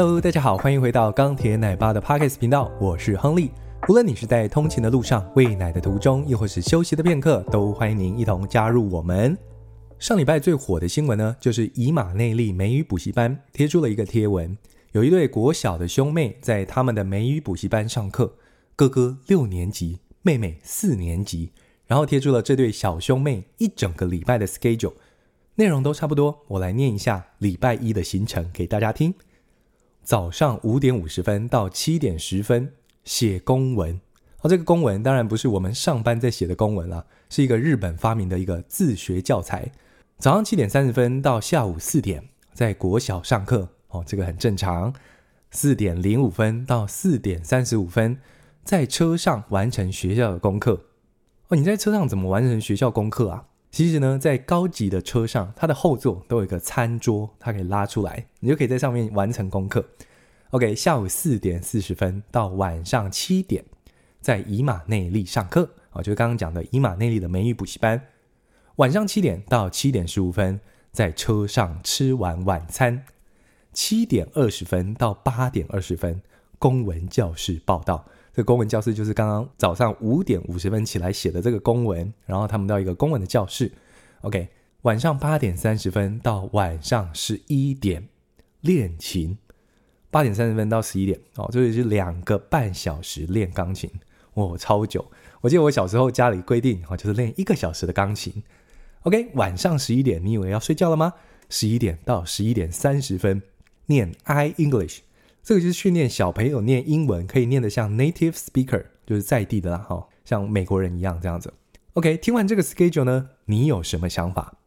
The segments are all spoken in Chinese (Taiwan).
Hello，大家好，歡迎回到鋼鐵奶爸的 Podcast 頻道，我是亨利。無論你是在通勤的路上、餵奶的途中，又或是休息的片刻，都歡迎您一同加入我們。上禮拜最火的新聞呢，就是以馬內利美語補習班貼出了一個貼文，有一對國小的兄妹在他們的美語補習班上課，哥哥六年級，妹妹四年級，然後貼出了這對小兄妹一整個禮拜的 schedule，內容都差不多，我來唸一下禮拜一的行程給大家聽。早上五點五十分到七點十分寫公文，哦，這個公文當然不是我們上班在寫的公文了，是一個日本發明的一個自學教材。早上七點三十分到下午四點在國小上課，哦，這個很正常。四點零五分到四點三十五分在車上完成學校的功課，哦，你在車上怎麼完成學校功課啊？其實呢，在高級的車上，它的後座都有一個餐桌，它可以拉出來，你就可以在上面完成功課。OK，下午四點四十分到晚上七點，在以馬內利上課啊，就是剛剛講的以馬內利的美語補習班。晚上七點到七點十五分在車上吃完晚餐，七點二十分到八點二十分公文教室報到。這個公文教室就是剛剛早上五點五十分起來寫的這個公文，然後他們到一個公文的教室。OK，晚上八點三十分到晚上十一點練琴，八點三十分到十一點，哦，這裡是兩個半小時練鋼琴，哇，超久！我記得我小時候家裡規定，哦，就是練一個小時的鋼琴。OK，晚上十一點，你以為要睡覺了嗎？十一點到十一點三十分念 I English。這個就是訓練小朋友念英文，可以念得像 native speaker，就是在地的啦，哈、哦，像美國人一樣這樣子。OK，聽完這個 schedule 呢，你有什麼想法？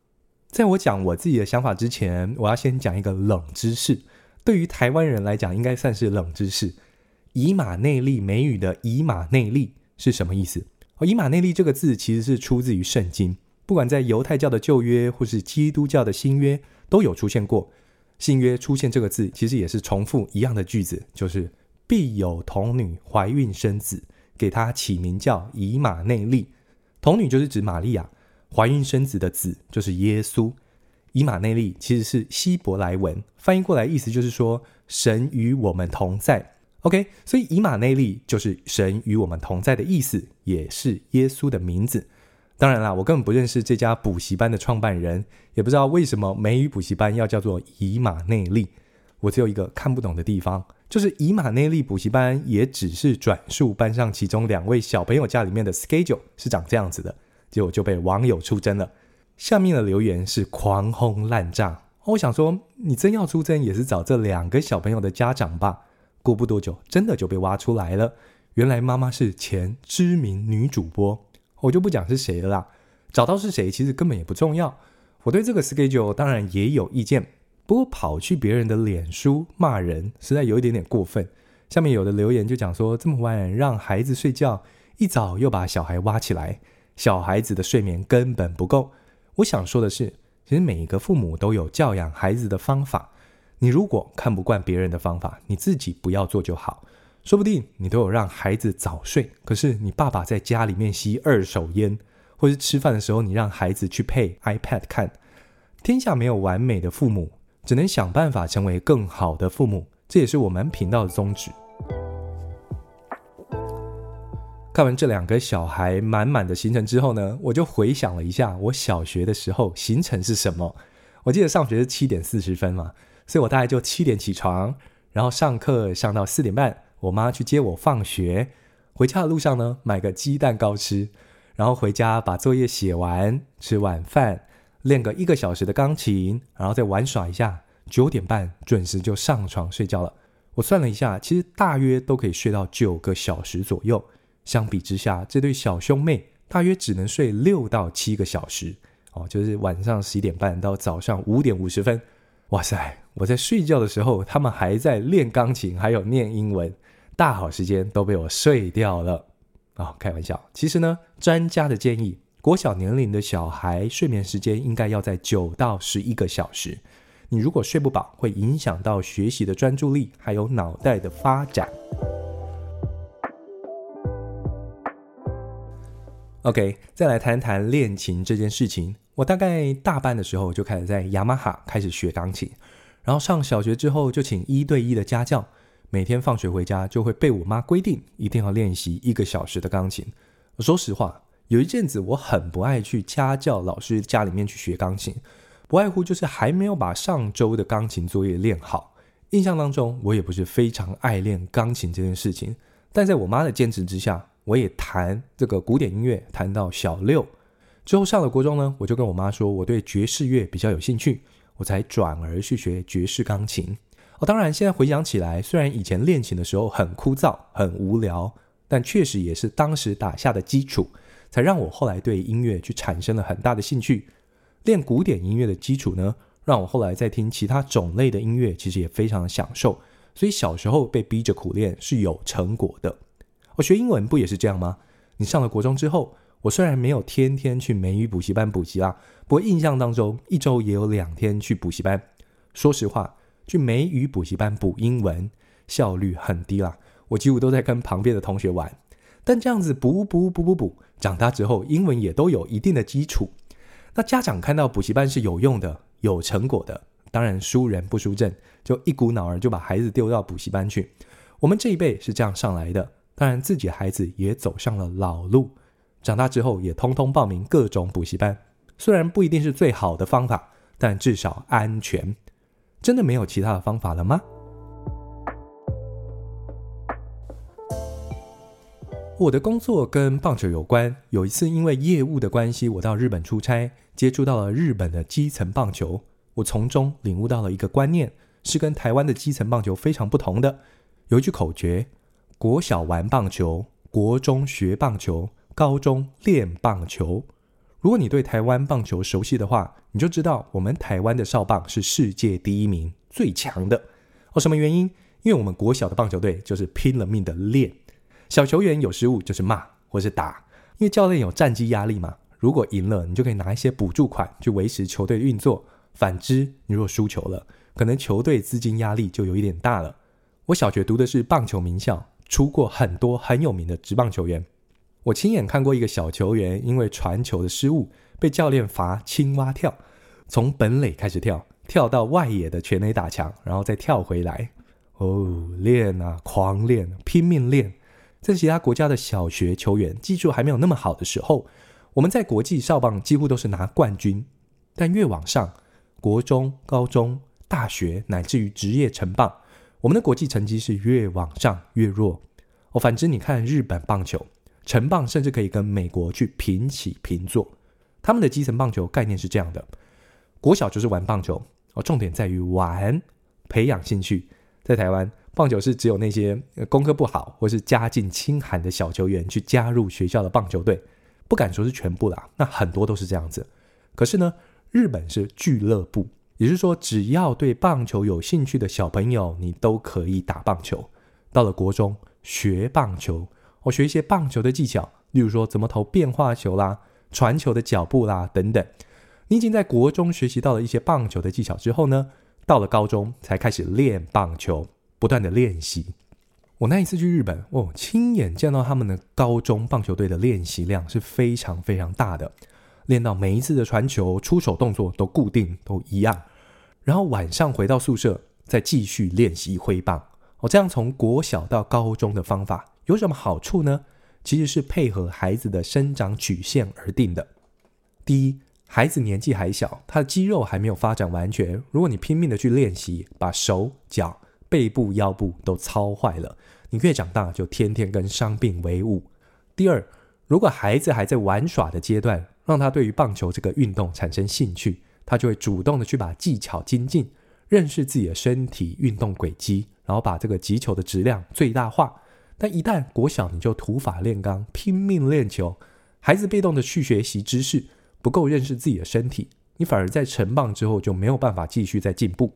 在我講我自己的想法之前，我要先講一個冷知識。對於台灣人來講，應該算是冷知識。以馬內利美語的以馬內利是什麼意思？以馬內利這個字其實是出自於聖經，不管在猶太教的舊約或是基督教的新約都有出現過。新約出現這個字，其實也是重複一樣的句子，就是必有童女懷孕生子，給他起名叫以馬內利。童女就是指瑪利亞，懷孕生子的子就是耶穌。以馬內利其實是希伯來文，翻譯過來意思就是說神與我們同在。OK，所以以馬內利就是神與我們同在的意思，也是耶穌的名字。當然啦，我根本不認識這家補習班的創辦人，也不知道為什麼美語補習班要叫做以馬內利。我只有一個看不懂的地方，就是以馬內利補習班也只是轉述班上其中兩位小朋友家裡面的 schedule 是長這樣子的，結果就被網友出征了。下面的留言是狂轟濫炸，我想說，你真要出征也是找這兩個小朋友的家長吧？過不多久，真的就被挖出來了，原來媽媽是前知名女主播。我就不講是誰了啦，找到是誰其實根本也不重要。我對這個 schedule 當然也有意見，不過跑去別人的臉書罵人，實在有一點點過分。下面有的留言就講說，這麼晚讓孩子睡覺，一早又把小孩挖起來，小孩子的睡眠根本不夠。我想說的是，其實每一個父母都有教養孩子的方法，你如果看不慣別人的方法，你自己不要做就好。說不定你都有讓孩子早睡，可是你爸爸在家裡面吸二手煙，或是吃飯的時候你讓孩子去配 iPad 看。天下沒有完美的父母，只能想辦法成為更好的父母。這也是我們頻道的宗旨。 看完這兩個小孩滿滿的行程之後呢，我就回想了一下我小學的時候行程是什麼。我記得上學是七點四十分嘛，所以我大概就七點起床，然後上課上到四點半。我媽去接我放學，回家的路上呢，買個雞蛋糕吃，然後回家把作業寫完，吃晚飯，練個一個小時的鋼琴，然後再玩耍一下，九點半準時就上床睡覺了。我算了一下，其實大約都可以睡到九個小時左右。相比之下，這對小兄妹大約只能睡六到七個小時哦，就是晚上十一點半到早上五點五十分。哇塞，我在睡覺的時候，他們還在練鋼琴，還有念英文。大好時間都被我睡掉了啊、哦！開玩笑，其實呢，專家的建議，國小年齡的小孩睡眠時間應該要在九到十一個小時。你如果睡不飽，會影響到學習的專注力，還有腦袋的發展。OK，再來談談練琴這件事情。我大概大班的時候就開始在雅馬哈開始學鋼琴，然後上小學之後就請一對一的家教。每天放學回家就會被我媽規定一定要練習一個小時的鋼琴。說實話，有一陣子我很不愛去家教老師家裡面去學鋼琴，不外乎就是還沒有把上週的鋼琴作業練好。印象當中，我也不是非常愛練鋼琴這件事情，但在我媽的堅持之下，我也彈這個古典音樂，彈到小六之後上了國中呢，我就跟我媽說我對爵士樂比較有興趣，我才轉而去學爵士鋼琴。我、哦、當然，現在回想起來，雖然以前練琴的時候很枯燥、很無聊，但確實也是當時打下的基礎，才讓我後來對音樂去產生了很大的興趣。練古典音樂的基礎呢，讓我後來在聽其他種類的音樂，其實也非常的享受。所以小時候被逼着苦練是有成果的。我、哦、學英文不也是這樣嗎？你上了國中之後，我雖然沒有天天去美語補習班補習啦，不過印象當中一周也有兩天去補習班。說實話。去美語補習班補英文，效率很低啦。我幾乎都在跟旁邊的同學玩，但這樣子補補補補補，長大之後英文也都有一定的基礎。那家長看到補習班是有用的、有成果的，當然輸人不輸陣，就一股腦兒就把孩子丟到補習班去。我們這一輩是這樣上來的，當然自己孩子也走上了老路，長大之後也通通報名各種補習班。雖然不一定是最好的方法，但至少安全。真的沒有其他的方法了嗎？我的工作跟棒球有關。有一次因為業務的關係，我到日本出差，接觸到了日本的基層棒球。我從中領悟到了一個觀念，是跟台灣的基層棒球非常不同的。有一句口訣：國小玩棒球，國中學棒球，高中練棒球。如果你對台灣棒球熟悉的話，你就知道我們台灣的少棒是世界第一名、最強的哦。什麼原因？因為我們國小的棒球隊就是拼了命的練，小球員有失誤就是罵或是打，因為教練有戰績壓力嘛。如果贏了，你就可以拿一些補助款去維持球隊的運作；反之，你若輸球了，可能球隊資金壓力就有一點大了。我小學讀的是棒球名校，出過很多很有名的職棒球員。我親眼看過一個小球員，因為傳球的失誤被教練罰青蛙跳，從本壘開始跳，跳到外野的全壘打牆，然後再跳回來。哦，練啊，狂練，拼命練。在其他國家的小學球員技術還沒有那麼好的時候，我們在國際少棒幾乎都是拿冠軍。但越往上，國中、高中、大學，乃至於職業成棒，我們的國際成績是越往上越弱。哦，反之，你看日本棒球。成棒甚至可以跟美國去平起平坐。他們的基層棒球概念是這樣的：國小就是玩棒球，而重點在於玩，培養興趣。在台灣，棒球是只有那些功課不好或是家境清寒的小球員去加入學校的棒球隊，不敢說是全部啦、啊，那很多都是這樣子。可是呢，日本是俱樂部，也就是說，只要對棒球有興趣的小朋友，你都可以打棒球。到了國中，學棒球。我學一些棒球的技巧，例如說怎麼投變化球啦、傳球的腳步啦等等。你已經在國中學習到了一些棒球的技巧之後呢，到了高中才開始練棒球，不斷的練習。我那一次去日本，哦，親眼見到他們的高中棒球隊的練習量是非常非常大的，練到每一次的傳球、出手動作都固定都一樣。然後晚上回到宿舍再繼續練習揮棒。我、哦、這樣從國小到高中的方法。有什麼好處呢？其實是配合孩子的生長曲線而定的。第一，孩子年紀還小，他的肌肉還沒有發展完全。如果你拼命地去練習，把手腳、背部、腰部都操壞了，你越長大就天天跟傷病為伍。第二，如果孩子還在玩耍的階段，讓他對於棒球這個運動產生興趣，他就會主動地去把技巧精進，認識自己的身體運動軌跡，然後把這個擊球的質量最大化。但一旦國小，你就土法煉鋼，拼命練球，孩子被動的去學習知識，不夠認識自己的身體，你反而在成棒之後就沒有辦法繼續再進步。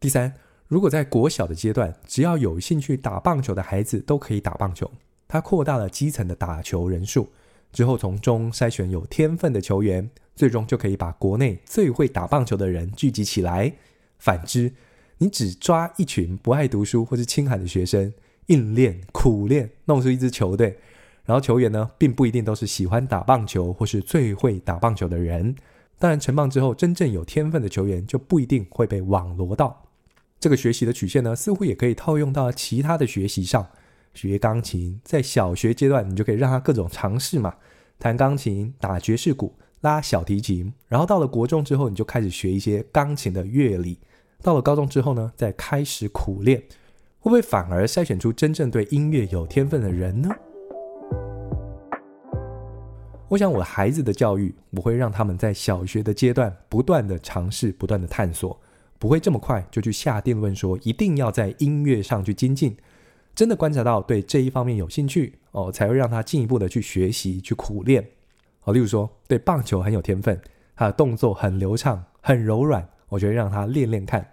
第三，如果在國小的階段，只要有興趣打棒球的孩子都可以打棒球，他擴大了基層的打球人數，之後從中篩選有天分的球員，最終就可以把國內最會打棒球的人聚集起來。反之，你只抓一群不愛讀書或者清寒的學生。硬練、苦練，弄出一支球隊。然後球員呢，並不一定都是喜歡打棒球或是最會打棒球的人。當然，成棒之後，真正有天分的球員就不一定會被網羅到。這個學習的曲線呢，似乎也可以套用到其他的學習上。學鋼琴，在小學階段，你就可以讓他各種嘗試嘛，彈鋼琴、打爵士鼓、拉小提琴。然後到了國中之後，你就開始學一些鋼琴的樂理。到了高中之後呢，再開始苦練。會不會反而篩選出真正對音樂有天分的人呢？我想我孩子的教育，我會讓他們在小學的階段不斷的嘗試、不斷的探索，不會這麼快就去下定論說一定要在音樂上去精進。真的觀察到對這一方面有興趣哦，才會讓他進一步的去學習、去苦練。好、哦，例如說對棒球很有天分，他的動作很流暢、很柔軟，我覺得讓他練練看。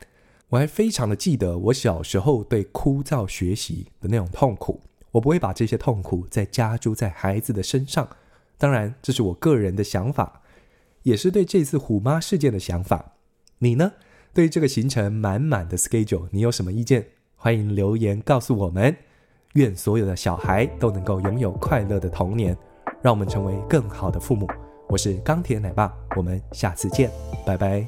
我還非常的記得我小時候對枯燥學習的那種痛苦，我不會把這些痛苦再加諸在孩子的身上。當然，這是我個人的想法，也是對這次虎媽事件的想法。你呢？對於這個行程滿滿的 schedule，你有什麼意見？歡迎留言告訴我們。願所有的小孩都能夠擁有快樂的童年，讓我們成為更好的父母。我是鋼鐵奶爸，我們下次見，拜拜。